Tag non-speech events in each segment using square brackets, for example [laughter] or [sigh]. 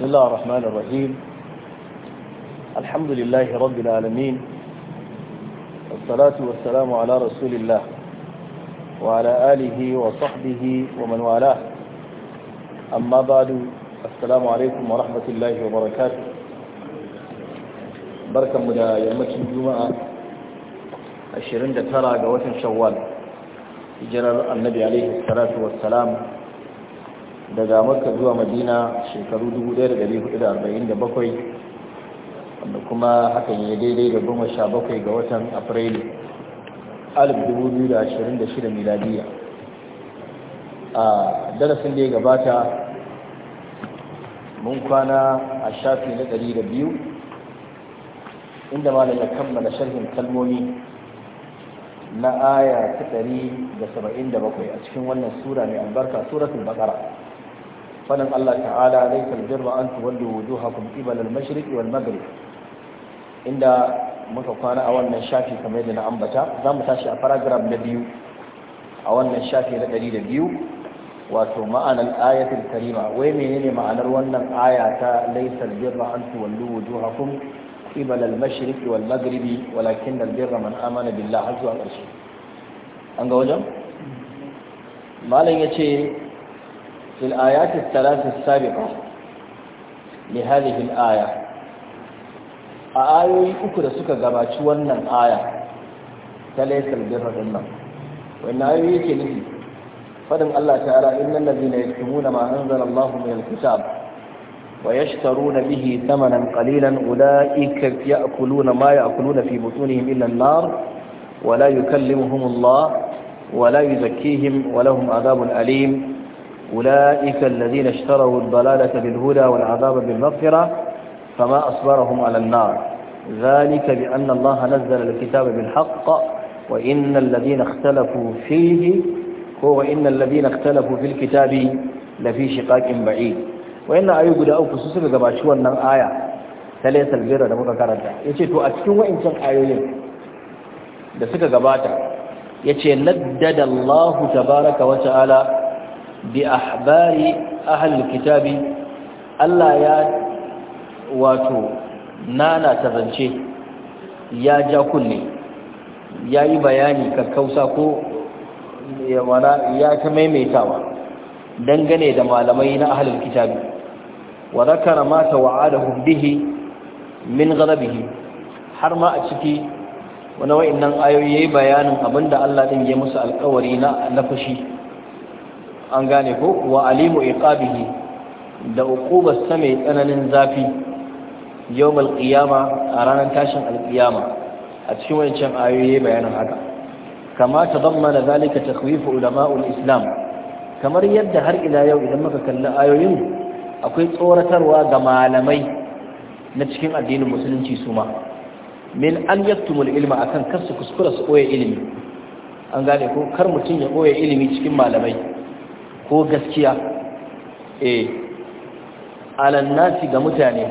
بسم الله الرحمن الرحيم الحمد لله رب العالمين والصلاة والسلام على رسول الله وعلى آله وصحبه ومن والاه أما بعد السلام عليكم ورحمة الله وبركاته بركة مدى يمكن الجمعة الشرندة ترى قوة شوال جرى النبي عليه الصلاة والسلام daga makka zuwa madina shekaru 1447 wanda kuma hakan ya daidai da goma sha bakwai ga watan afrilu 2026 miladiya a darasin da ya gabata mun kwana a shafi na 102 inda ma da kammala sharhin kalmomi na aya ta 177 a cikin wannan sura mai albarka suratun bakara فلن الله تعالى ليس البر أن تولوا وجوهكم قبل المشرق والمغرب عند متقان أولا شافي كما يدنا أنبتا زام تاشي أفراغرام نبيو أولا شافي لدليل بيو wato ma'anar ayatul karima wai menene ma'anar wannan aya ta laysal birra an tuwallu wujuhakum qibala al-mashriq wal maghribi walakin al-birra man amana billah har zuwa ƙarshe an ga wajen malam yace في الآيات الثلاث السابقة لهذه الآية آيوي أكد سكا قباتي ونن آية تليس البر دنم وإن آيوي كنه فدم الله تعالى إن الذين يكتمون ما أنزل الله من الكتاب ويشترون به ثمنا قليلا أولئك يأكلون ما يأكلون في بطونهم إلا النار ولا يكلمهم الله ولا يزكيهم ولهم عذاب أليم أولئك الذين اشتروا البلالة بالهدى والعذاب بالمغفرة فما أصبرهم على النار ذلك بأن الله نزل الكتاب بالحق وإن الذين اختلفوا فيه هو إن الذين اختلفوا في الكتاب لفي شقاق بعيد وإن أيو قد أوفو كما شو أن آية ثلاثة البيرة لمكا كارتا يتي تؤكسون وإن كان آيوين da suka gabata yace naddada Allah tabaaraka bi ahbari ahlul kitabi Allah ya wato nana ta zance ya ja kunne ya yi bayani karkausa ko ya ta maimaitawa dangane da malamai na ahlul kitabi wa zakara ma tawa'adahum bihi min ghadabihi har ma a ciki wani wa'annan ayoyi bayanin abinda Allah din ya musu alƙawari na na an gane ko wa alimu iqabihi da uqubar sa mai tsananin zafi yawmal qiyama a ranar tashin alqiyama a cikin wancan ayoyi bayanin haka kama tadammana zalika takhwif ulama'ul islam kamar yadda har ila yau idan muka kalli ayoyin akwai tsoratarwa ga malamai na cikin addinin musulunci suma. min an yaktumul ilma akan kar su kuskura su koya ilimi an gane ko kar mutum ya koya ilimi cikin malamai ko gaskiya eh alan nasi ga mutane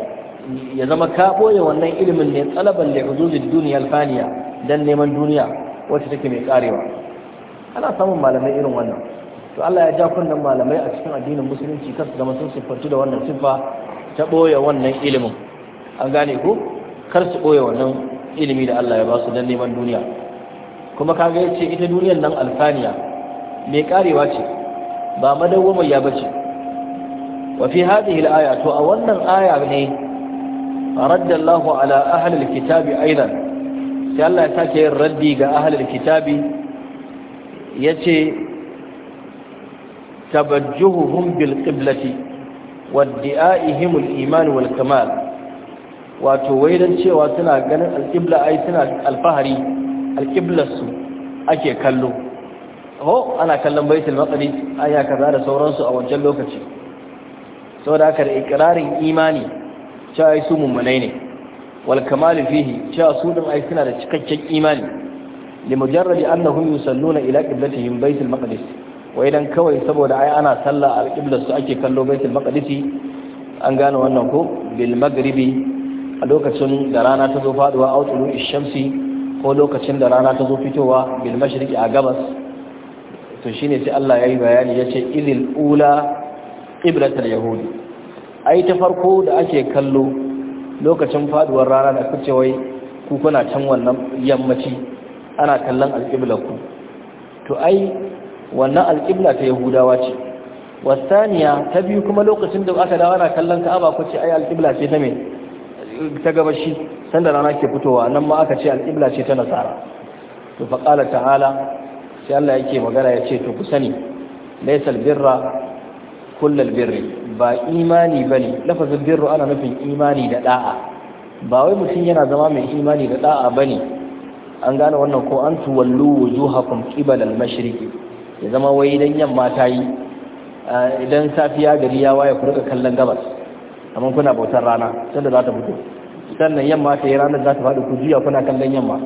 ya zama ka boye wannan ilimin ne talaban da hududid duniya alfaniya dan neman duniya wacce take mai karewa ana samun malamai irin wannan to Allah ya ja kunnan malamai a cikin addinin musulunci kasu zama sun siffantu da wannan siffa ta boye wannan ilimin an gane ko kar su boye wannan ilimi da Allah ya ba su dan neman duniya kuma kaga yace ita duniyar nan alfaniya mai karewa ce ba madawwamar ya bace Wafi fi hadhihi aya to a wannan aya ne raddallahu ala ahlil kitabi aidan sai Allah ya sake yin raddi ga ahlil kitabi yace tabajjuhum bil qiblati waddi'aihim al-iman wal kamal wato waidan cewa suna ganin al-qibla ai suna alfahari al-qiblasu ake kallo ho ana kallon baitul maqdis aya kaza da sauransu a wancan lokaci saboda haka da ikrarin imani cewa ai su mummunai ne wal kamal fihi cewa su din ai suna da cikakken imani limujarradi annahum yusalluna ila qiblatihim baitul maqdis wai dan kawai saboda ai ana sallah a su ake kallo baitul maqdisi an gane wannan ko bil maghribi a lokacin da rana ta zo faduwa autulu shamsi ko lokacin da rana ta zo fitowa bil mashriqi a gabas to shine sai Allah ya yi bayani ya ce izil ula ibratar yahudi ai ta farko da ake kallo lokacin faduwar rana da kuce wai ku kuna can wannan yammaci ana kallon alƙiblar ku to ai wannan alƙibla ta yahudawa ce wasaniya ta biyu kuma lokacin da aka dawo ana kallon ka'aba ku ce ai alƙibla ce ta me ta gabashi sanda rana ke fitowa nan ma aka ce alƙibla ce ta nasara to faqala ta'ala sai Allah yake magana ya ce to ku sani laysal birra kullal birri ba imani bane lafazin birru ana nufin imani da da'a ba wai mutum yana zama mai imani da da'a bane an gane wannan ko an tuwallu wujuhakum qibala al-mashriqi ya zama wai idan yamma ta yi idan safiya gari ya waye ku rika kallon gabas amma kuna bautar rana sanda za ta fito sannan yamma ta yi ranar za ta faɗi ku jiya kuna kallon yamma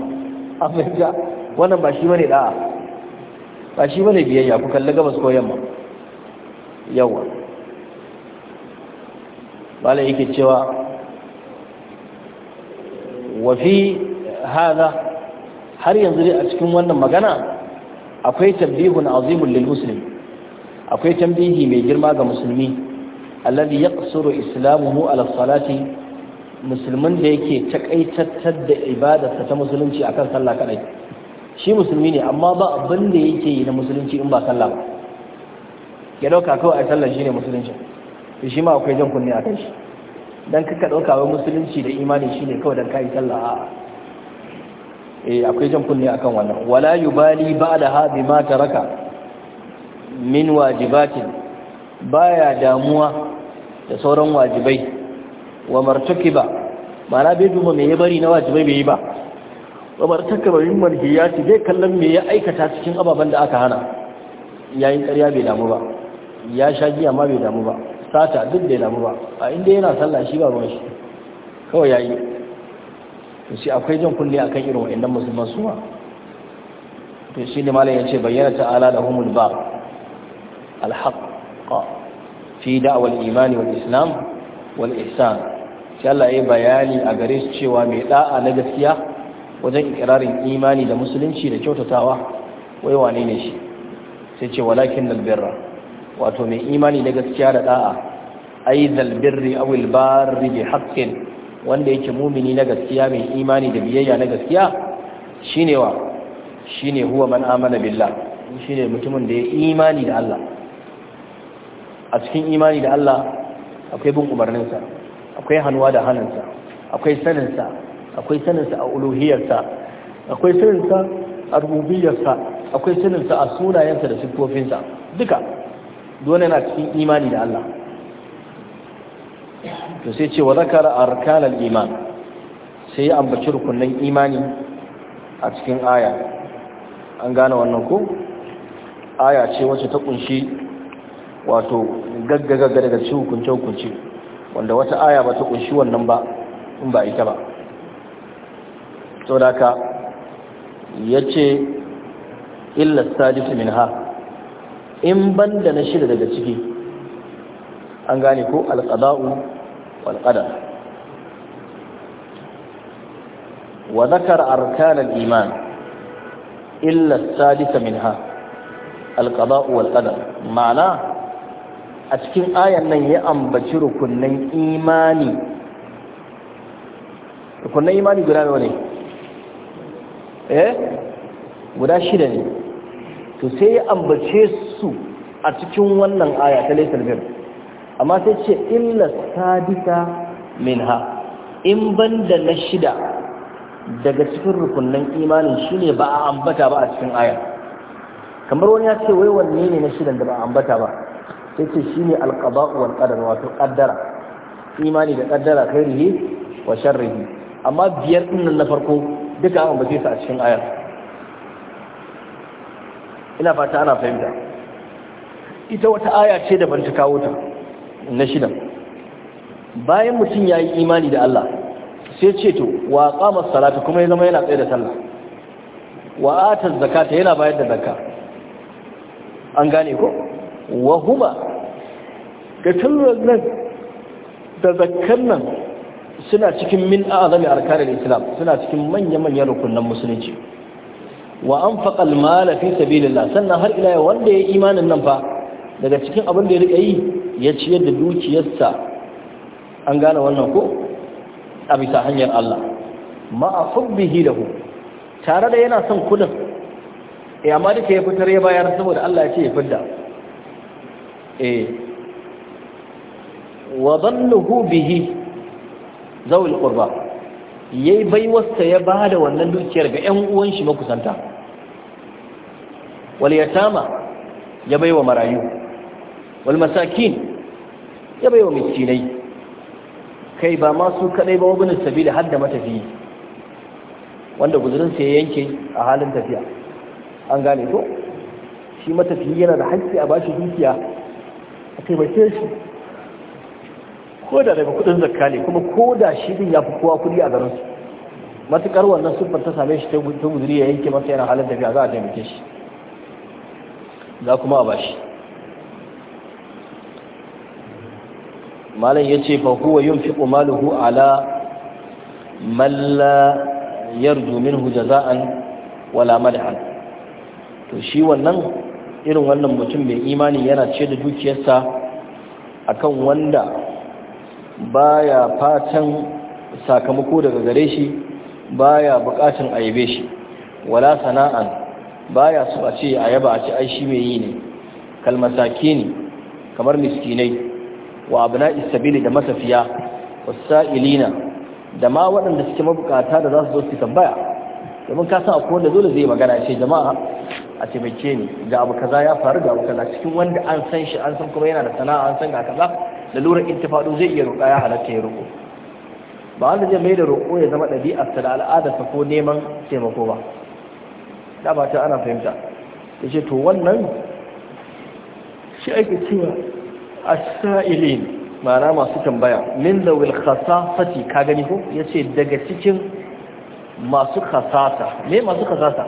amma ga wannan ba shi bane da'a ba shi bane biyayya ku kalli gabas ko yamma yawa malai yake cewa wa fi hada har yanzu dai a cikin wannan magana akwai tambihun azimul lil muslim akwai tambihi mai girma ga musulmi alladhi yaqsuru islamuhu ala salati musulmin da yake takaitattar da ibadarsa ta musulunci akan sallah kadai shi musulmi ne amma ba abin da yake yi na musulunci in ba sallah ba ya dauka kawai a yi sallah shine musulunci da shi ma akwai jan kunne a kan shi dan kaka dauka wa musulunci da imani shine kawai dan kai sallah a e eh, akwai jan kunne kan wannan wala Ba da haɗe ma raka min wajibatin ba ya damuwa da sauran wajibai wa ma na bai duma mai ya bari na wajibai bai yi ba kamar takaba ya marhiyati zai kallon me ya aikata cikin ababen da aka hana yayin karya bai damu ba ya sha giya ma bai damu ba sata duk bai damu ba a inda yana sallah shi ba ruwan shi kawai yayi to shi akwai jan kunne kan irin wa'annan musulman suwa to shi ne malam yace bayyana ta'ala da humul ba alhaq fi da'wal imani wal islam wal ihsan sai Allah ya bayani a gare su cewa mai da'a na gaskiya wajen ikirarin imani da musulunci da kyautatawa wai wane ne shi sai ce walakin dalbirra wato mai imani da gaskiya da da'a ai dalbirri awil barri bi haqqin wanda yake mumini na gaskiya mai imani da biyayya na gaskiya shine wa shine huwa man amana billah shine mutumin da ya imani da Allah a cikin imani da Allah akwai bin umarninsa akwai hannuwa da hannunsa akwai saninsa akwai saninsa a uluhiyarsa akwai saninsa a rububiyarsa akwai saninsa a sunayensa da siffofinsa duka dole na cikin imani da Allah to sai ce wa zakara arkanal iman sai ya ambaci rukunin imani a cikin aya an gane wannan ko aya ce wacce ta kunshi wato gaggaga daga cikin hukunce-hukunce wanda wata aya ba ta kunshi wannan ba in ba ita ba saboda ya ce illa sadisu min ha in ban da na shida daga ciki an gane ko alƙada'u walƙada wa zakar arkanan iman illa sadisa min ha alƙada'u walƙada ma'ana a cikin ayan nan ya ambaci rukunin imani rukunin imani guda ne eh guda shida ne to sai ya ambace su a cikin wannan aya ta laifin bir amma sai ce illa sadika minha in ban da na shida daga cikin rukunnan imanin shine ba a ambata ba a cikin aya kamar wani ya ce wai wanne ne na shidan da ba a ambata ba sai ce shine alqada'u wal qadar wato qaddara imani da qaddara khairihi wa sharrihi amma biyar ɗinnan na farko duka an ba su a cikin ayar ina fata ana fahimta ita wata aya ce da ban ta kawo ta na shida bayan mutum ya yi imani da Allah sai ce to wa qama salata kuma ya zama yana tsaye da sallah wa ata zakata yana bayar da zakka an gane ko wa huma ga nan da zakkan nan suna cikin min a'azami arkanil islam suna cikin manya-manyan rukunan musulunci wa an mal fi sabilillah sannan har ila wanda ya imanin nan fa daga cikin abin da ya rika yi ya ciyar da dukiyarsa an gane wannan ko a bisa hanyar Allah ma'a hubbihi lahu tare da yana son kudin eh amma duka ya fitar ya bayar saboda Allah ya ce ya fidda eh wa dhannuhu bihi zawul qurba yayi baiwarsa ya ba da wannan dukiyar ga yan uwan shi makusanta wal yatama ya baiwa marayu wal masakin ya baiwa miskinai kai ba ma su kadai ba wani sabili har da matafi wanda guzurin ya yanke a halin tafiya an gane to shi matafiyi yana da hakki a bashi dukiya a sai shi ko da daga kudin zakka ne kuma ko da shi din ya fi kowa kudi a garin su matukar wannan siffar ta same shi ta guzuri ya yanke masa yana halin da za a taimake shi za kuma a bashi malam ya ce fahuwa yin fiƙo maluhu ala malla yarju minhu jaza'an wala mad'an to shi wannan irin wannan mutum mai imani yana ce da dukiyarsa akan wanda Ba ya fatan sakamako daga gare shi Ba ya bukatun ayabe shi wala sana'an ya su a ce ayaba a ce ai shi mai yi ne ne, kamar miskinai wa abna isabili da matafiya wasa'ilina da ma waɗanda suke mabukata da za su zo su tambaya domin ka san akwai wanda dole zai magana ce jama'a a taimake ni ga abu kaza ya faru ga abu kaza cikin wanda an san shi an san kuma yana da sana'a an san ga kaza lalurar intifaɗo zai iya roƙa ya halatta ya roƙo ba wanda zai mai da roƙo ya zama ta da al'adarsa ko neman taimako ba da ba ta ana fahimta ya ce to wannan shi ake cewa asa'ilin ma'ana masu tambaya min da wil khasasati ka gani ko ya ce daga cikin masu khasasa me masu khasasa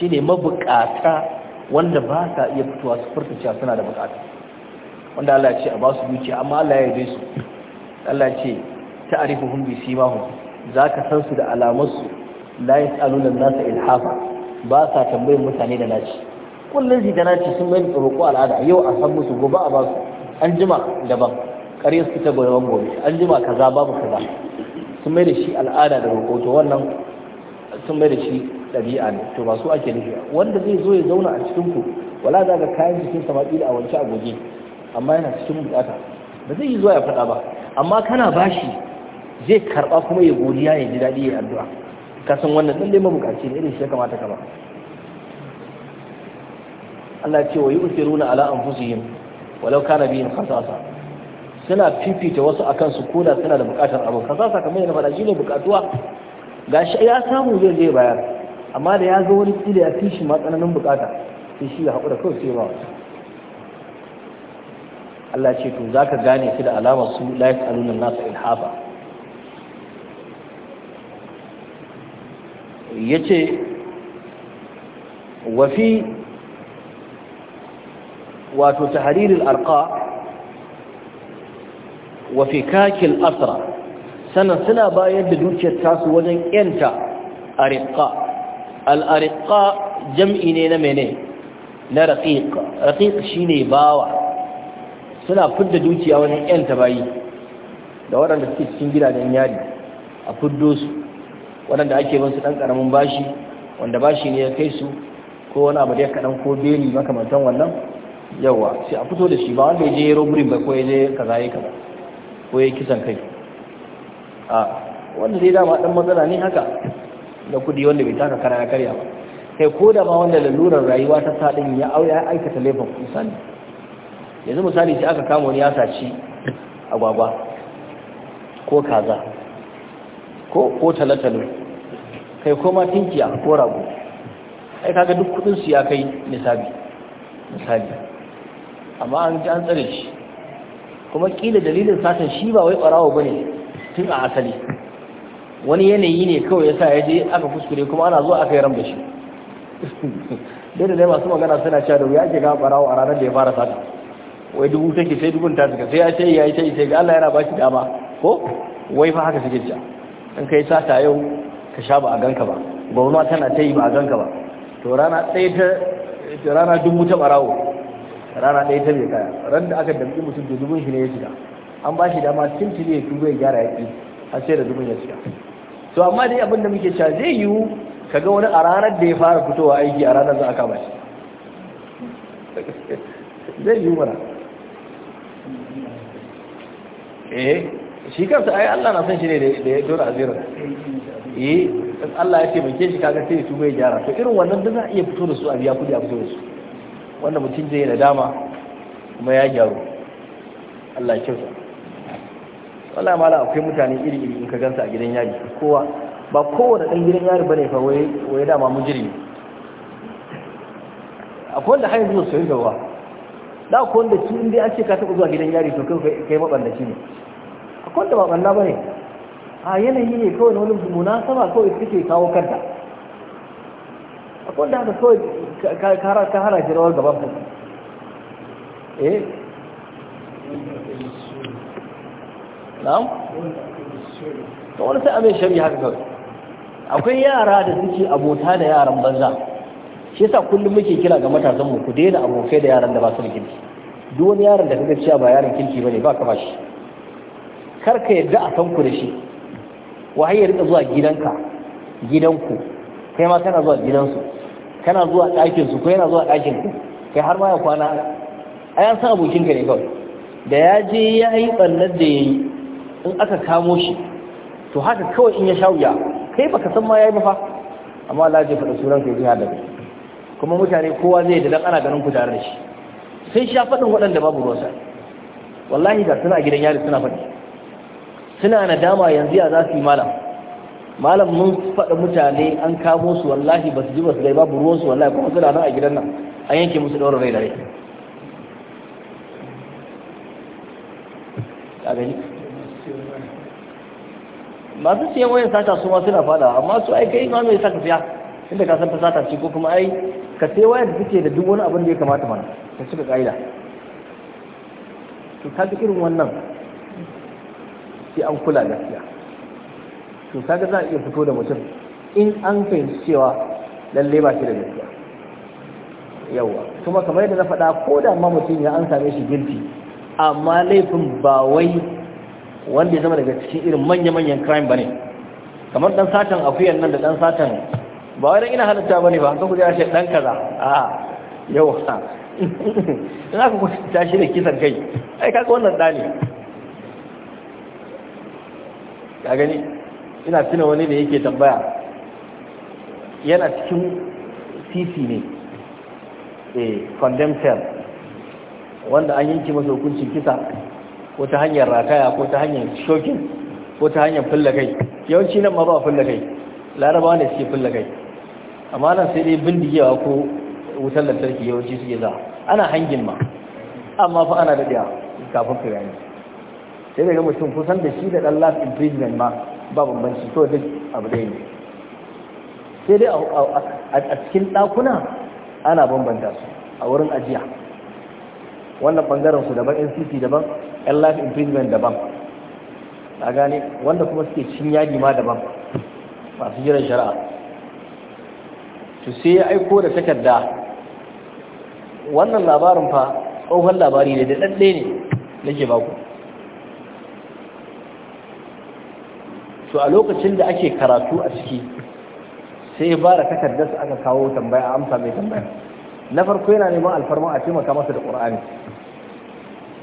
shine mabukata wanda ba sa iya fitowa su furta suna da bukata wanda Allah ce a ba su duki amma Allah ya yabe su Allah ce ta'rifuhum bi Za ka san su da alamarsu la yas'aluna an-nasa ilhafa ba sa tambayin mutane da naci kullum shi da naci sun mai roƙo al'ada yau a san musu gobe a ba su an jima daban ƙarya su ta goyon gobe an jima kaza babu kaza sun mai da shi al'ada da roƙo to wannan sun mai da shi ɗabi'a ne to ba su ake nufi wanda zai zo ya zauna a cikin ku wala za ka kayan jikin sa da a wance a goge amma yana cikin bukata ba zai yi zuwa ya faɗa ba amma kana bashi zai karɓa kuma ya godiya ya ji daɗi ya addu'a kasan wannan wannan da ya mabukaci ne irin shi ya kamata ka ba Allah ce wa yu'thiruna ala anfusihim walau kana bihim khasasa suna fifita wasu akan su kuna suna da bukatar abu khasasa kamar yana faɗa shine bukatuwa shi ya samu zai je bayar amma da ya zo wani tsira ya fi shi matsananin bukata sai shi ya haƙura kawai sai ba Allah ce to za ka gane su da alamar su la yas'aluna nasa ilhafa yace ce wafi wato ta al alƙa wafi kakil asra sannan suna bayar da dukiyar tasu wajen yanta ariƙa. al jam'i ne na mene na raqiq shi shine bawa suna fidda dukiya wani yan tabayi da waɗanda suke cikin gidajen yari a fiddo su waɗanda ake bin su ɗan ƙaramin bashi wanda bashi ne ya kai su ko wani abu da ya kaɗan ko beli makamantan wannan yawa sai a fito da shi ba wanda ya je robirin ba ko ya je kaza ya kaza ko ya kisan kai a wanda zai dama ɗan matsala ne haka da kuɗi wanda bai taka kara ya karya ba kai ko da ma wanda lalurar rayuwa ta sadin ya aikata laifin misali yanzu misali sai aka kama wani ya saci agwagwa ko kaza ko ko talatalo kai ko ma tinkiya ko rago ai kaga duk kudin su ya kai misali misali amma an ji an tsare shi kuma kila dalilin satan shi ba wai barawo bane tun a asali wani yanayi ne kawai yasa ya je aka kuskure kuma ana zuwa aka yi ram da shi [laughs] dole ne masu magana suna cewa da wuya ake ga barawo a ranar da ya fara sata wai dubu take sai dubun ta suka sai ya ce ya yi ta ita ga Allah yana ba shi dama ko wai fa haka suke ja in kai sata yau ka sha ba a ganka ba gwamna tana ta yi ba a ganka ba to rana ɗaya ta rana dubu ta barawo rana ɗaya ta mai kaya ran da aka damƙi mutum da dubun shi ne ya shiga an ba shi dama tintini ya tuba ya gyara yaƙi har sai da dubun ya shiga to amma dai abin da muke cewa zai yiwu ka ga wani a ranar da ya fara fitowa aiki a ranar za a kama shi [laughs] zai yiwu mana eh shi kansa ai Allah na san shi ne da ya dora azirar eh Allah ya taimake shi kaga sai su bai gyara to irin wannan da za a iya fito da su a biya kudi a fito da su wanda mutum zai da dama kuma ya gyaru Allah ya kyauta wallahi mala akwai mutane iri iri in ka gansa a gidan yari kowa ba kowane dan gidan yari bane fa wai wai dama mujrimi akwai wanda har yanzu su yi gaba da ku wanda shi in dai ce ka taɓa zuwa gidan yari to kai maɓanda maballaci ne akwai wanda ba ne a yanayi ne kawai na wani sama kawai suke kawo kanta akwai wanda haka kawai ka hana shi rawar gaban ku eh na'am ta wani sai a mai shari'a haka kawai akwai yara da suke abota da yaran banza shi yasa kullum muke kira ga matasan mu ku daina abokai da yaran da ba su da kirki duk wani yaron da kaga cewa ba yaron kirki bane ba ka ba shi kar ka yadda a san ku da shi wahai ya rika zuwa gidanka gidanku kai ma kana zuwa gidansu kana zuwa ɗakin su ko yana zuwa ɗakin ku kai har ma ya kwana a yan san abokin ka ne kawai da ya je ya yi ɓannar da ya yi in aka kamo shi to haka kawai in ya sha wuya kai baka san ma ya yi ba fa amma Allah ya faɗa sunan ka ya ji hada kuma mutane kowa zai da ana ganin ku tare da shi sai sha faɗin waɗanda babu ruwansa wallahi ga suna gidan yari suna faɗi suna na dama yanzu ya za su yi malam malam mun faɗa mutane an kamo su wallahi ba su ji ba su gai babu ruwansu wallahi kuma suna nan a gidan nan an yanke musu ɗaurin rai da rai masu siyan wayan sata su ma suna fada amma su ai kai ma mai saka siya inda ka san fasata ce ko kuma ai ka sai wayar da take da duk wani abin da ya kamata mana ta cika ka'ida to ka ga irin wannan sai an kula gaskiya to ka ga za a iya fito da mutum in an fahimci cewa lalle ba shi da gaskiya yawa kuma kamar yadda na faɗa ko da ma mutum ya an same shi girki amma laifin ba wai wanda ya zama daga cikin irin manya-manyan crime ba ne kamar ɗan satan akuyan nan da ɗan satan ba wani ina halitta ba ne ba haka kujera ya ɗan kaza a yau ha in aka ku ta shi da kisan kai ai kaka wannan da ne gani ina tuna wani da yake tambaya yana cikin sisi ne a eh, condemned cell wanda an yanki masa hukuncin kisa ko ta hanyar rataya ko ta hanyar shokin ko ta hanyar fulla kai yawanci nan ma ba fulla kai larabawa ne suke fulla kai amma nan sai dai bindigewa ko wutar lantarki yawanci suke za ana hangin ma amma fa ana daɗiya kafin ka gani sai daga mutum kusan da shi da ɗan last imprisonment ma ba bambanci to duk abu dai ne sai dai a cikin ɗakuna ana bambanta su a wurin ajiya wannan ɓangaren su daban ncc daban ɗan life imprisonment daban a gane wanda kuma suke cin yadi ma daban masu jiran shari'a to sai ya aiko da takarda wannan labarin fa tsohon labari ne da ɗanɗe ne ke baku to a lokacin da ake karatu a ciki sai bada takardar su aka kawo tambaya amsa mai tambaya na farko yana neman alfarma a taimaka masa da ƙur'ani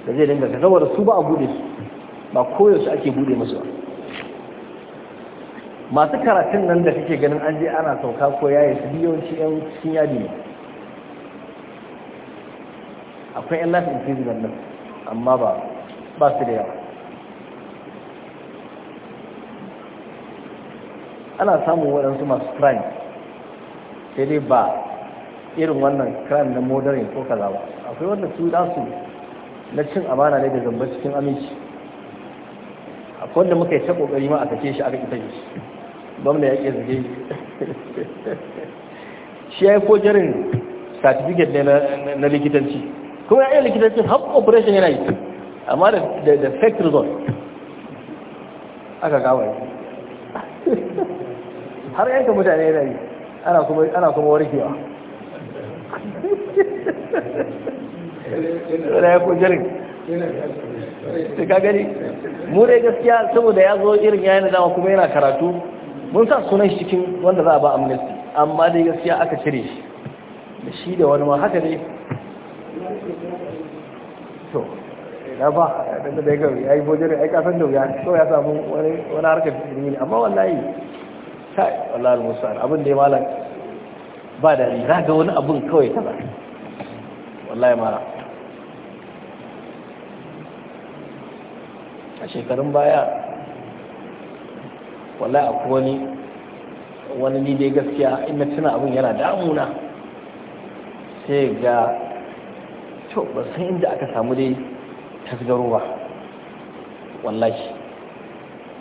da zai dinga saboda su ba a bude su ba koyaushe ake bude musu ba masu karatun nan da suke ganin an je ana sauka ko yi su biyawanci yan cikin yadi ne akwai yan lafi imprisonment nan amma ba ba su da yawa ana samun waɗansu masu crime sai dai ba irin wannan crime na modern ko kaza ba akwai wanda su da su na cin amana ne da zamba cikin aminci akwai wanda muka yi ta kokari ma a kake shi aka ita shi gwamna ya ƙirge shi ya yi kogirin certificate ne na likitanci kuma ya yi likitanci har operation yana yi amma da fake result aka yi har yanka mutane yana yi ana kuma warkewa da ya kogirin ta ka gani mu dai gaskiya saboda ya zo irin yayin da kuma yana karatu mun sa sunan shi cikin wanda za a ba amnesty amma dai gaskiya aka cire shi da shi da wani ma haka ne to na ba da da ga yayi bojer ai kasan da ya so ya samu wani wani harkar ne amma wallahi sai wallahi musa'al abin da ya malam ba da ri za ga wani abun kawai ta ba wallahi mara a shekarun baya wallahi akwai wani wani ni dai gaskiya in na tuna abin yana damuna sai ga to ba san inda aka samu dai tasgaro ba wallahi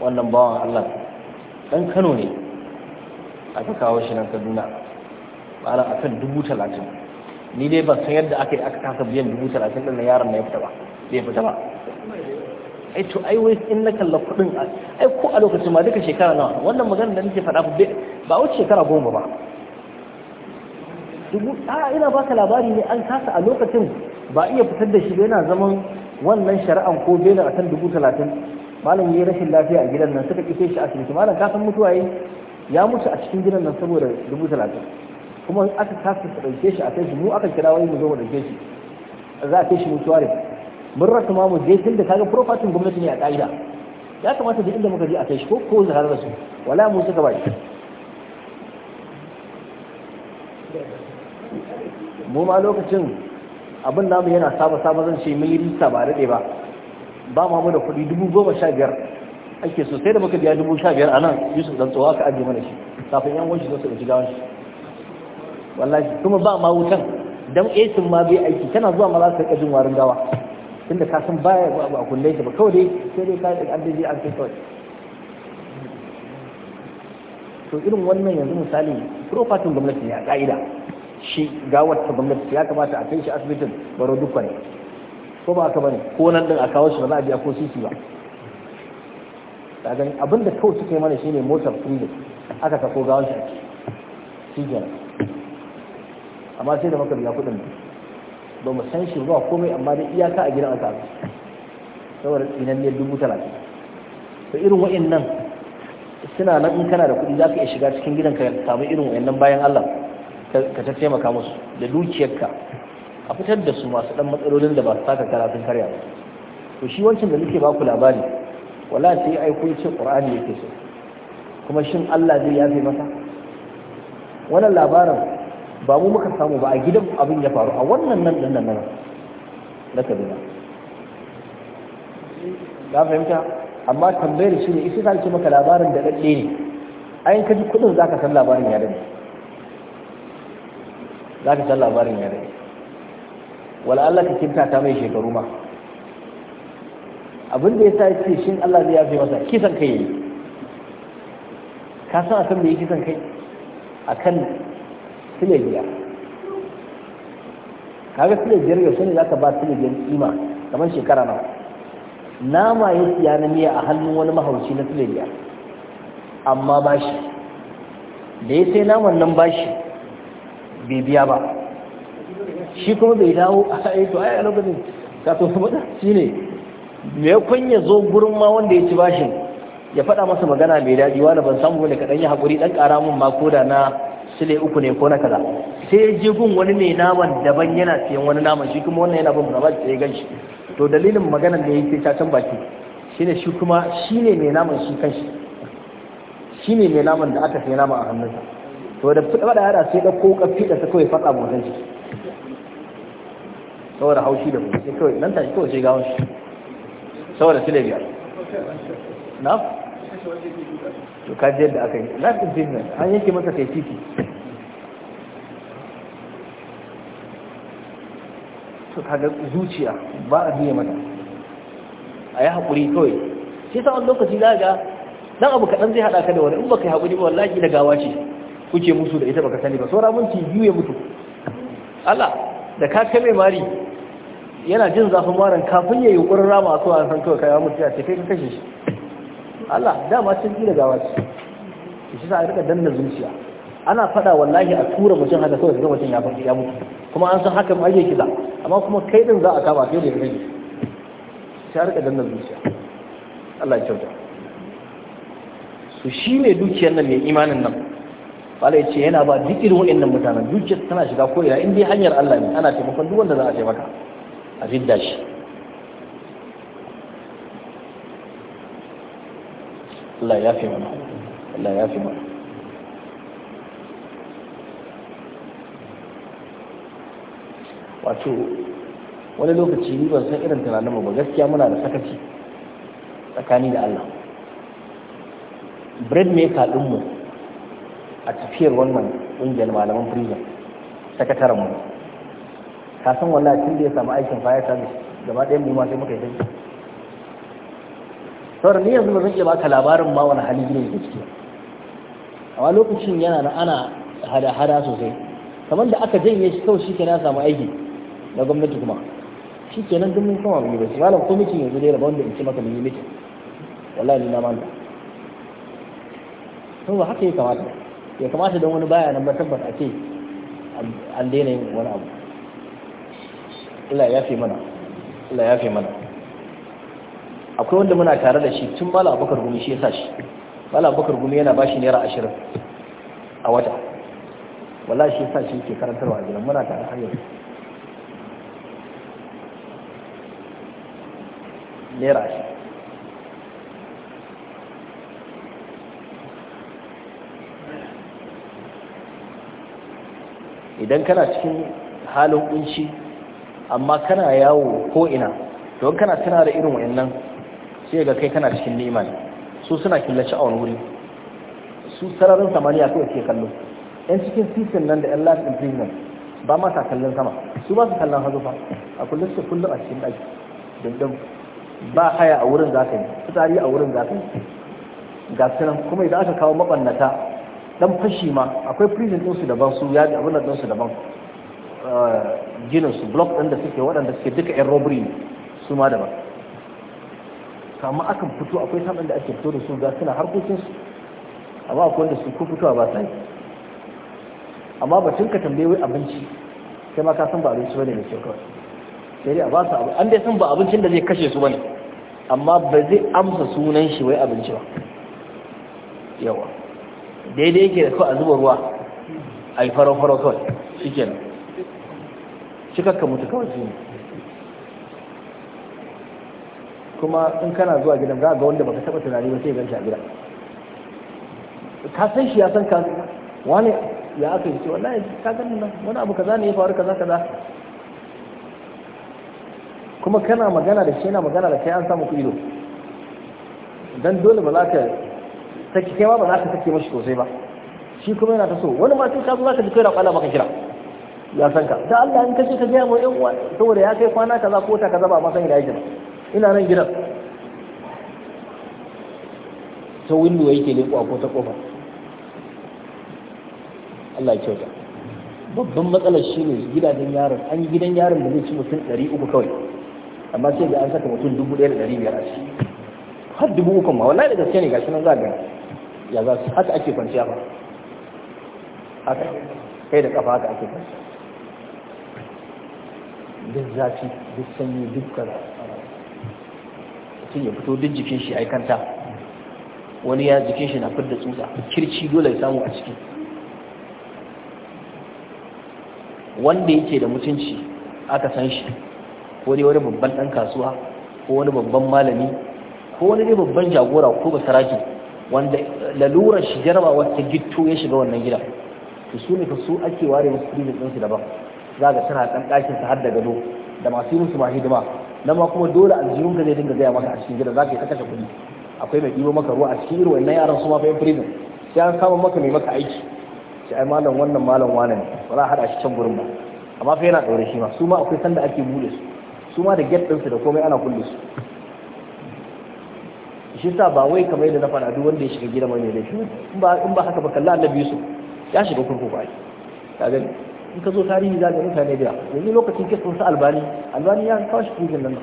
wannan bawan Allah dan Kano ne aka kawo shi nan Kaduna bala akan dubu talatin ni dai ba san yadda aka yi aka kasa biyan dubu talatin ɗin na yaron na ya fita ba bai fita ba ai to ai wai in na kalla kuɗin ai ko a lokacin ma duka shekara nawa wannan magana da nake faɗa ba wuce shekara goma ba dubu a ina baka labari ne an kasa a lokacin ba iya fitar da shi ba yana zaman wannan shari'an ko bela akan dubu talatin malam yi rashin lafiya a gidan nan suka kike shi asibiti malam ka san mutuwa ya mutu a cikin gidan nan saboda dubu talatin kuma aka kasa su ɗauke shi a kai mu aka kira wani mu zo mu ɗauke shi za a kai shi mutuwa ne mun rasa ma mu je tun da kaga profatin gwamnati ne a ƙa'ida. ya kamata da inda muka je a kai shi ko ko zahar rasu wala mu suka bai mu ma lokacin abin namu yana saba saba zan ce mun yi rista ba daɗe ba ba ma mu da kuɗi dubu goma sha biyar ake so sai da muka biya dubu sha biyar a nan yusuf dan tsawa ka ajiye mana shi kafin yan wanshi zo su ɗauki gawan shi wallahi kuma ba ma wutan dan esin ma bai aiki tana zuwa ma za su rika warin gawa tun da kasan baya ba abu a kulle shi ba kawai dai sai dai ka da an dai an fito to irin wannan yanzu misali propertin gwamnati ne a ka'ida shi gawar ta gwamnati ya kamata a kai shi asibitin baro dukkan ko ba aka bane ko nan din a kawo shi ba za a biya ko sisi ba kaga abin da kawai suke mana shine motar kunde aka sako gawar shi shi kenan amma sai da maka biya kuɗin ba mu san shi ba komai amma dai iyaka a gidan aka abu saboda ne dubu talatin to irin wa'annan suna nan in kana da kuɗi za ka iya shiga cikin gidan ka samu irin wa'annan bayan Allah ka ta taimaka musu da dukiyarka a fitar da su masu dan matsalolin da ba su taka karatun karya ba to shi wancan da nake baku labari wala sai aiko ya ce ƙur'ani yake so kuma shin Allah zai yafe masa wannan labarin ba mu muka samu ba a gidan abin ya faru a wannan nan din nan na kaduna ka fahimta amma tambayar shi ne isi ta ce maka labarin da ɗaɗɗe ne ayin ka kaji kuɗin za ka san labarin ya daɗe za ka san labarin ya daɗe wala Allah ka kinta ta mai shekaru ma abin da ya sa ce shin Allah zai yafe masa kisan kai ne ka san akan ya kisan kai a kan. sile biyar kaga sile biyar yaushe ne zaka ba sile biyar kima kamar shekara nawa nama ya siya na miya a hannun wani mahauci na sile biyar amma ba shi. da ya sai naman nan ba shi bai biya ba shi kuma bai dawo a [laughs] to ayi a lokacin ka to kuma shi ne me kun ya zo gurin ma wanda ya ci bashin ya faɗa masa magana mai daɗi wani ban samu ne kaɗan ya haƙuri ɗan ƙara mun ma koda na sile uku ne ko na kaza sai je gun wani mai naman daban yana siyan wani naman shi kuma wannan yana bin gaba sai gan ganshi to dalilin maganar da yake cacan baki shine shi kuma shine mai naman shi kanshi shine mai naman da aka sai naman a hannunsa to da fada yara sai dauko kafi da ta kawai fada motan shi saboda haushi da mutum sai kawai nan ta kawai sai gawon shi saboda sile biyar na to ka yadda da aka yi lafin jinnan an yanke masa kai titi to kaga zuciya ba a biya mata a yi haƙuri kawai shi sa wani lokaci za ga dan abu kaɗan zai haɗa ka da wani in baka yi haƙuri ba wallahi da gawa ce kuke musu da ita baka sani ba saura minti biyu ya mutu Allah da ka kame mari yana jin zafin maran kafin ya yi ƙurin rama a kowa san kawai kayan mutu ya ce kai ka kashe shi Allah dama can gida gawa ce shi sa a rika danna zuciya ana fada wallahi a tura mutum haka kawai ga mutum ya faɗi ya mutu kuma an san hakan ake kiza amma kuma kai din za a kama kai da ya rage sai a rika danna zuciya Allah ya kyauta su shi ne dukiyar nan mai imanin nan wala ya ce yana ba duk irin wa'annan mutanen dukiyar tana shiga ko ina in dai hanyar Allah ne ana taimakon duk wanda za a taimaka a fidda shi Allah ya fi mana Allah ya fi mana wato wani lokaci ni ban san irin tunanin ba gaskiya muna da sakaci tsakani da Allah bread maker ɗinmu a tafiyar wannan ƙungiyar malaman prison sakataren mu ka san wallahi tun da ya samu aikin fire service gaba ɗaya mu ma sai muka yi sai saboda ni yanzu zan iya baka labarin ma wani hali ne da ciki amma lokacin yana na ana hada-hada sosai kamar da aka janye shi kawai shi kenan samu aiki na gwamnati kuma shi kenan duk mun kama mun yi ba malam ko mutum yanzu dai rabon wanda in ci maka mun yi miki wallahi ni na manta to ba haka ya kamata ya kamata don wani baya nan ba tabbas a an daina yin wani abu Allah ya fi mana Allah ya fi mana akwai wanda muna tare da shi tun mala abokar gumi shi ya sa shi mala abokar gumi yana ba shi naira ashirin a wata wala shi ya sa shi ke karantarwa a gidan muna tare har yau naira ashirin idan kana cikin halin kunshi amma kana yawo ko ina don kana tana da irin wayannan sai ga kai kana cikin ni'ima ne su suna killace a wani wuri su sararin samaniya kawai ke kallo yan cikin sisin nan da yan last imprisonment ba ma sa kallon sama su ba su kallon hazo fa a kullum su kullum a cikin ɗaki dindin ba haya a wurin zaka yi a wurin zaka yi ga nan kuma idan aka kawo mabannata dan fashi ma akwai prison din su daban su yaji abin nan su daban eh, ginin su block din da suke waɗanda suke duka yan robbery su ma daban amma akan fito akwai saman da ake fito da su ga suna harkokin su amma akwai wanda su ko fitowa ba sai amma tun ka tambaye wai abinci sai ma ka san ba abinci bane ne kyau sai dai a ba su abu an dai san ba abincin da zai kashe su bane amma ba zai amsa sunan shi wai abinci ba yawa daidai yake da kawai a zuba ruwa a yi faro-faro kawai shi kenan shi kakka mutu kawai shi ne kuma in kana zuwa gidan za ga wanda baka taba tunani ba sai ganta gida ka san shi ya san ka wani ya aka yi cewa lai ka gani nan wani abu kaza ne ya faru kaza kaza kuma kana magana da shi yana magana da kai an samu ku ido dan dole ba za ka saki kai ba ba za ka saki mashi sosai ba shi kuma yana ta so wani ma sai ka zo za ka ji kai da kwala maka kira ya san ka da Allah in ka ce ka ga mu yan uwa saboda ya kai kwana kaza ko ta kaza ba ma san ya yi ba ina nan gidan ta windo yake leko ko ta kofa Allah ya kyauta babban matsalar shi ne gidajen yaron an yi gidan yaron da zai ci mutum ɗari uku kawai amma sai ga an saka mutum dubu ɗaya da ɗari biyar a ciki har dubu uku ma wallahi da gaske ne gashi nan za ga ya za su haka ake kwanciya ba haka kai da kafa haka ake kwanciya duk zafi duk sanyi duk kaza mutum ya fito duk jikin shi aikanta wani ya jikin shi na fidda tsutsa kirci dole ya samu a ciki wanda yake da mutunci aka san shi ko dai wani babban ɗan kasuwa ko wani babban malami ko wani dai babban jagora ko ba saraki. wanda lalurar shi jarabawa ta gitto ya shiga wannan gida su su ne su ake ware musu ɗinsu daban za ga suna ɗan ɗakin su har da gado da masu yi musu ma hidima nan ma kuma dole aljihun ka zai dinga gaya maka a cikin gida za ka yi ta kashe kuɗi akwai mai ɗibo maka ruwa a cikin irin wannan yaran su ma fa prison sai an kama maka mai maka aiki sai ai malam wannan malam wane ne ba za a haɗa shi can gurin ba amma fa yana ɗaure shi ma su ma akwai sanda ake bude su su ma da get ɗinsu da komai ana kulle su shi sa ba wai kamar yadda na faɗa duk wanda ya shiga gida mai shi. in ba haka ba kalla annabi Yusuf ya shiga kurkuku ai ka gani in ka zo tarihi za ga mutane da yanzu lokacin kisan su albani albani ya kawo shi kujin nan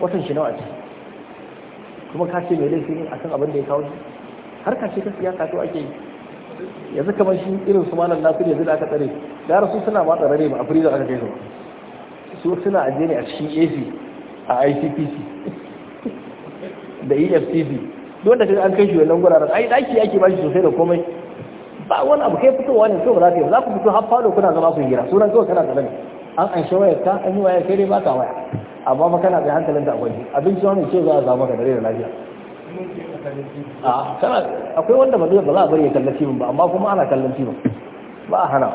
watan shi nawa ce kuma ka ce mai laifi ne akan abin da ya kawo shi har ka ce ka siya kato ake yi yanzu kamar shi irin su malam nasu yanzu da aka tsare da rasu suna ma tsarare ba a firiza aka kai su su suna ajiye ne a cikin AC a ICPC [laughs] da EFCC duk da kaga an kai shi wannan guraren ai daki yake ba shi sosai da komai ba wani abu kai fitowa ne so ba za ta yi za ku fito har falo kuna zama ku gira sunan kawai kana gaba ne an an shi wayar ta an yi waya kai dai ba ka waya amma fa kana da hankalin da gwaji abinci wani ce za a samu ka dare da lafiya akwai wanda ba zai ba za a bari ya kallon tibin ba amma kuma ana kallon tibin ba a hana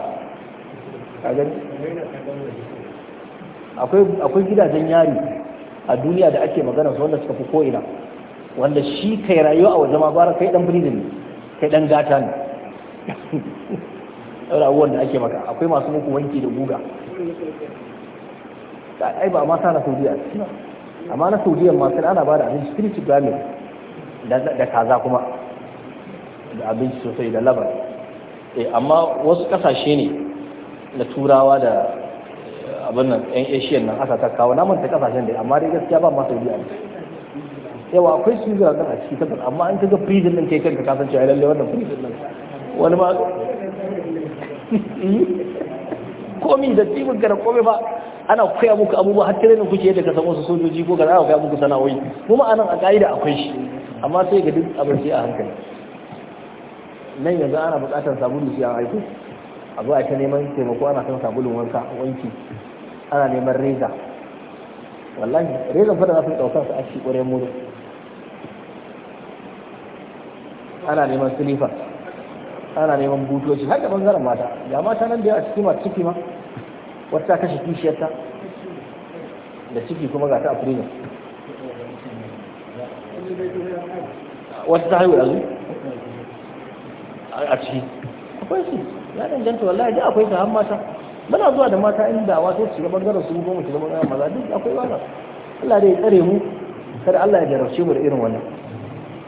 akwai gidajen yari a duniya da ake magana su wanda suka fi ko'ina wanda shi kai rayuwa a wajen ma bara kai dan birnin ne kai dan gata ne rawuwan [laughs] da ake maka akwai masu muku wanki da guga ai ba mata na saudiya amma na saudiya ma sai ana bada abinci kirki gami da kaza kuma da abinci sosai da labar eh, amma wasu kasashe ne na turawa da eh, abin nan yan asian nan aka ta kawo namun ta kasashen da amma dai gaskiya ba ma saudiya yawa akwai su zuwa kan a ciki tabbas amma an kaga prison din kai kanka a lallai wannan prison din wani ma komi da tibin ka da ba ana kuya muku abubuwa har tare kuke yadda ka samu su sojoji ko gara ana koya muku sana'o'i kuma anan a ka'ida akwai shi amma sai ga duk abin sai a hankali nan yanzu ana buƙatar sabulu sai an aiko a zuwa ta neman taimako ana son sabulun wanka wanki ana neman reza wallahi reza fa da za su ɗauka su ashi ƙwarai mu ana neman silifa ana neman butoci har da bangaren mata ya mata nan da a ciki ma ciki ma wata kashe kishiyarta da ciki kuma ga ta afirina wata ta haihu yanzu a ciki akwai su ya danganta wallahi da akwai ta har mata muna zuwa da mata inda wato su ga bangaren su goma su ga bangaren maza duk akwai wata. Allah dai ya tsare mu kada Allah ya jarabce mu da irin wannan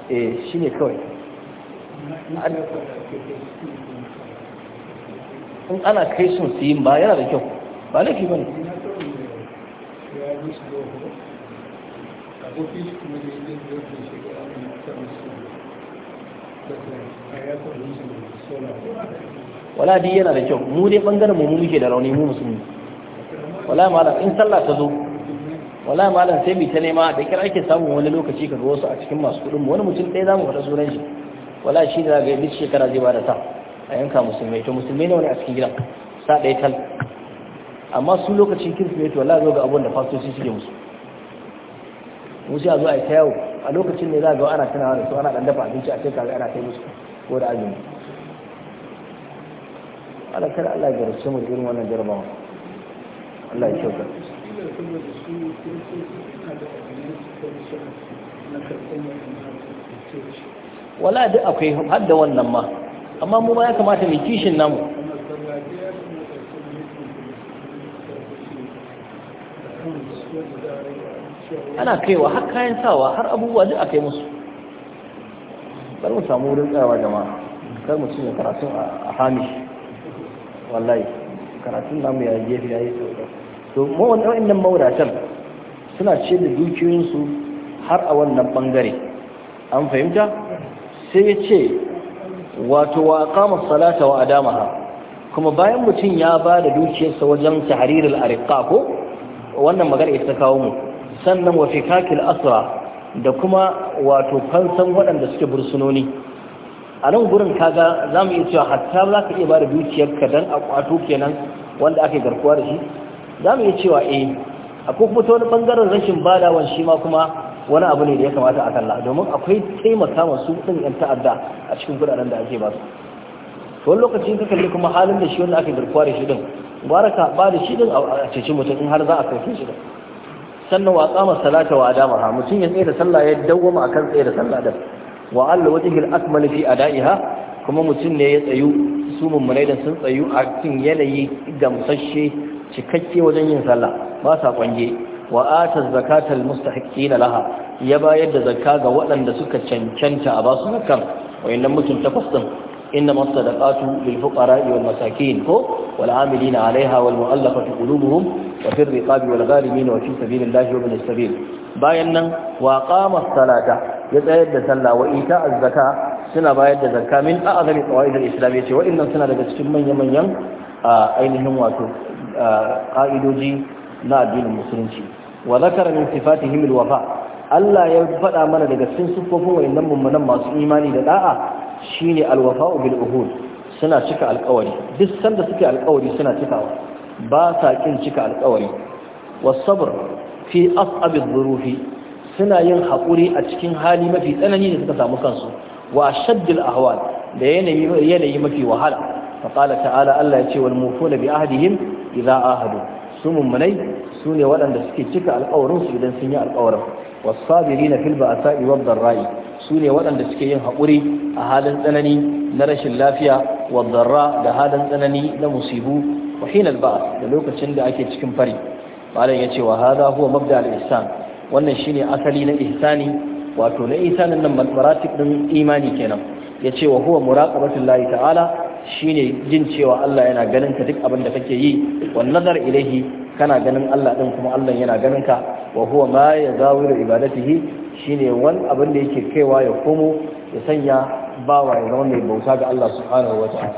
eh shine kawai in ana kai sun su yin ba yana da kyau ba laifi ba ne wala di yana da kyau mu dai bangaren mu muke da rauni mu musulmi wala malam in sallah ta zo wala malam sai mu ta nema da kira ake samun wani lokaci ka ga wasu a cikin masu mu wani mutum ɗaya za mu faɗa sunan shi wala shi da ga duk shekara zai bada ta a yanka musulmai to musulmai ne wani a cikin gidan sa ɗaya tal amma su lokacin to wala zo ga abun da fastoci suke musu musu a zo a yi ta yawo a lokacin ne za a ana tunawa da su ana ɗan dafa abinci a kai kaga ana kai musu ko da azumi Allah kada Allah ya garce mu irin wannan jarabawa Allah ya kyauta na karɓar wala duk akwai har da wannan ma amma mu ma ya kamata mu kishin namu ana kaiwa har kayan sawa har abubuwa duk akai musu bari mu samu wurin tsayawa jama'a kar mu cinye karatun a hamish wallahi karatun namu ya gefe ya yi to mu wannan mauratan suna ce da dukiyoyinsu har a wannan bangare an fahimta sai ya ce wato wa kama salata wa adamaha kuma bayan mutum ya ba da dukiyarsa wajen tahriril ariqa ko wannan magana ita kawo mu sannan wa fikakil asra da kuma wato fansan waɗanda suke bursunoni a nan gurin kaga za mu iya cewa hatta za ka iya ba da dukiyarka don a kwato kenan wanda ake garkuwa da shi za mu iya cewa eh akwai kuma ta wani ɓangaren rashin badawan shi ma kuma wani abu ne da ya kamata a talla, domin akwai taimaka masu ɗin yan ta'adda a cikin kuɗaɗen da ake ba su to wani lokaci ka kalli kuma halin da shi wanda ake garkuwa da shi ka ba da shi ɗin a ceci mutum in har za a kai shi ɗin sannan wa tsama salata wa adama ha mutum ya tsaye da sallah ya dawwama akan tsaye da sallah ɗin wa Allah wajhil akmal fi ada'iha kuma mutum ne ya tsayu su mummunai da sun tsayu a cikin yanayi gamsasshe cikakke wajen yin sallah ba sa kwange wa ata zakata almustahiqina laha ya bayar da zakka ga waɗanda suka cancanta a basu nakan wayannan mutum takwas din inna masadaqatu lil fuqara'i wal masakin ko wal amilina alaiha wal mu'allafati qulubuhum wa fil riqabi wal gharimin wa fi sabilillahi wa bil sabil bayan nan wa qama salata ya tsayar da sallah wa ita az suna bayar da zakka min a'zami qawaid al-islam yace wa'annan suna daga cikin manyan manyan ainihin wato ka'idoji na addinin musulunci wa zakara min sifatihim alwafa Allah ya faɗa mana daga cikin siffofin wayannan mummunan masu imani da da'a shine alwafa'u bil uhud suna cika alƙawari duk sanda suke alƙawari suna cikawa ba sa kin cika alƙawari wasabr fi as'abi dhurufi suna yin haƙuri a cikin hali mafi tsanani da suka samu kansu wa shaddil ahwal da yanayi yanayi mafi wahala ta'ala Allah ya تعالى الله bi والموفون بأهدهم إذا ahadu su mummunai su ne waɗanda suke cika alƙawarinsu idan sun yi alƙawarin fabiri na filba a sa'i wabban ra'i su ne waɗanda suke yin haƙuri a halin tsanani na rashin lafiya ra da halin tsanani na musibu wa hinal ba'a da lokacin da ake cikin fari malam ya ce wa hada huwa mabda al-ihsan wannan shine asali na ihsani wato na ihsanin nan maratib din imani kenan ya ce wa huwa muraqabatullahi ta'ala shine jin cewa Allah yana ganin ka duk abin da kake yi wa nazar ilaihi kana ganin Allah ɗin kuma Allah yana ganin ka wa huwa ma yazawiru ibadatihi shine wani abin da yake kaiwa ya komo ya sanya bawa ya zama mai bauta ga Allah subhanahu wa ta'ala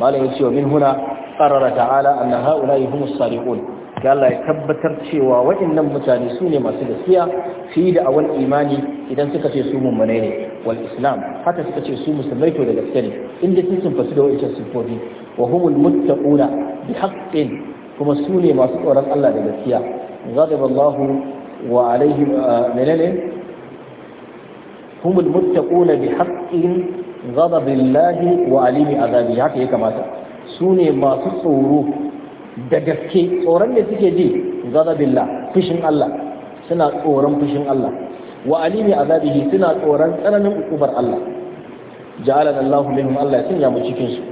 malam yace wa min huna qarara ta'ala anna ha'ula'i humus sadiqun da Allah ya tabbatar cewa waɗannan mutane su ne masu gaskiya fi da awal imani idan suka ce su mummune ne wal islam haka suka ce su musulmai to da gaske ne inda sun sunfasu da wa'ancan sifofi wa humul muttaquna bi haqqin kuma su ne masu tsoron Allah da gaskiya wa ah, menene humul muttaquna bi haqqin wa alimi azabi haka ya kamata su ne masu tsoro da gaske tsoron ne suke ji zanabillah fushin Allah suna tsoron fushin Allah wa alimi azabihi suna tsoron tsananin ukubar Allah ja'alana Allahu lahum Allah sun ya mu cikin su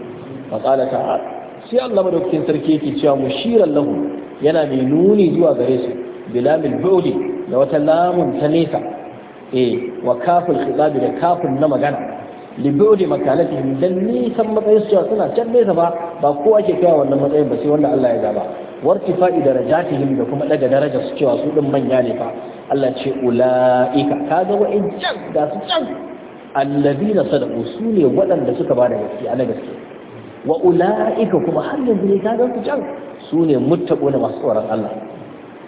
fa qala ta'ala sai Allah madaukakin sarki yake cewa mushiran lahu yana mai nuni zuwa gare su bilamil bu'di da wata lamun ta nesa eh wa kaful khitabi da kafin na magana libu'di makalatihim dan nisan matsayin su suna can nesa ba ba kowa ke kai wannan matsayin ba sai wanda Allah ya zaba wartifa'i darajatihim da kuma daga darajar su cewa su din manya ne fa Allah ce ula'ika kaga wa'in can da su can allazina sadaqu su ne waɗanda suka bada gaskiya na gaskiya wa ula'ika kuma har yanzu ne kaga su can su ne na masu tsoron Allah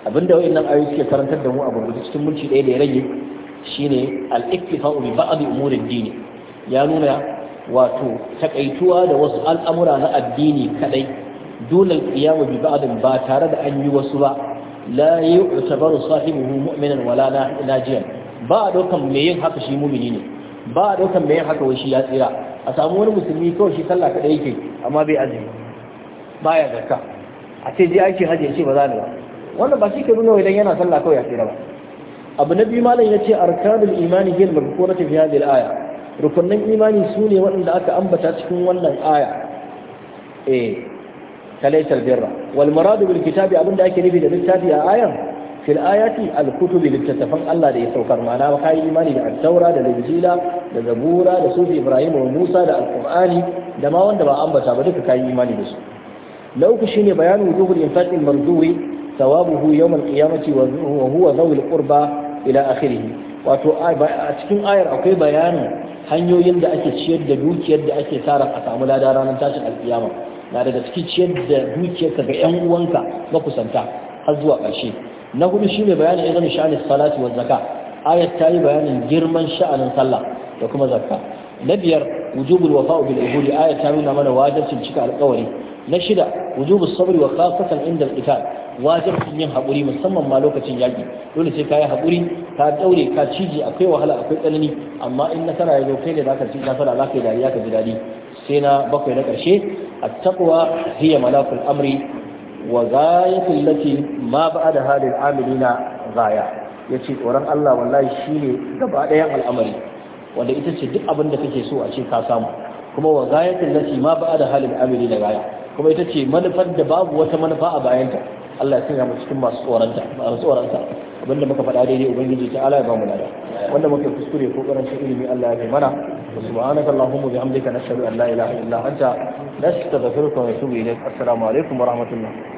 abinda wayannan ayoyi suke karantar da mu a gurgurta cikin mulki ɗaya da ya rage shine al-iktifa'u bi ba'd umuri dini ya nuna wato takaituwa da wasu al'amura na addini kadai dole qiyamu bi ba'din ba tare da an yi wasu ba la yu'tabaru sahibuhu mu'minan wala na najiyan ba a dokan me yin haka shi mu'mini ne ba a dokan me yin haka wai shi ya tsira a samu wani musulmi kawai shi sallah kadai yake amma bai azumi baya zakka a ce je ake hajji ce ba za ni ba wannan ba shi ke nuna idan yana sallah kawai ya tsira ba abu na biyu malam ya yace arkanul imani hil marfuqatu fi hadhihi al-aya Rukunin imani su ne waɗanda aka ambata cikin wannan aya eh kalaitar birra wal muradu bil kitabi abinda ake nufi da littafi a ayan fil ayati al kutubi littattafan Allah da ya saukar mana wa kai imani da at-taura da injila da zabura da sufi ibrahim wa musa da al-qur'ani da ma wanda ba ambata ba duka kai imani da su na uku shine bayanin wujuhul infaqil marduri thawabuhu yawm al-qiyamati wa huwa zawil qurba ila akhirih wato a cikin ayar akwai bayanin hanyoyin da ake ciyar da dukiyar da ake tara a samu lada ranar tashin alkiyama na daga cikin ciyar da dukiyarka ga yan uwanka makusanta har zuwa ƙarshe na hudu shine bayanin irin sha'anin salati wa zakka ayat ta yi bayanin girman sha'anin sallah da kuma zakka na biyar wujubul wafa'u bil uhudi ayat ta nuna mana wajibcin cika alƙawari na shida wujubus sabri wa khasatan inda al wajibcin yin haƙuri musamman ma lokacin yaƙi dole sai ka yi haƙuri ka daure ka cije akwai wahala akwai tsanani amma in nasara ya zo kai ne zaka ci nasara zaka yi dariya ka ji daɗi sai na bakwai na ƙarshe at-taqwa hiya malakul amri wa ghayatul lati ma ba'da hadil amilina ghaya ya ce tsoron Allah wallahi shi ne gaba ɗayan al'amari wanda ita ce duk abin da kake so a ce ka samu kuma wa gayatin lati ma ba'a da halin amiri gaya kuma ita ce manufar da babu wata manufa a bayanta Allah ya sanya mu cikin masu tsoronta masu tsoronta abinda muka faɗa daidai ubangiji ta ala ya bamu lada wanda muka kuskure ko karancin ilimi Allah ya bai mana subhanaka allahumma bihamdika nashhadu an la ilaha illa anta nastaghfiruka wa natubu ilayk assalamu alaikum wa rahmatullah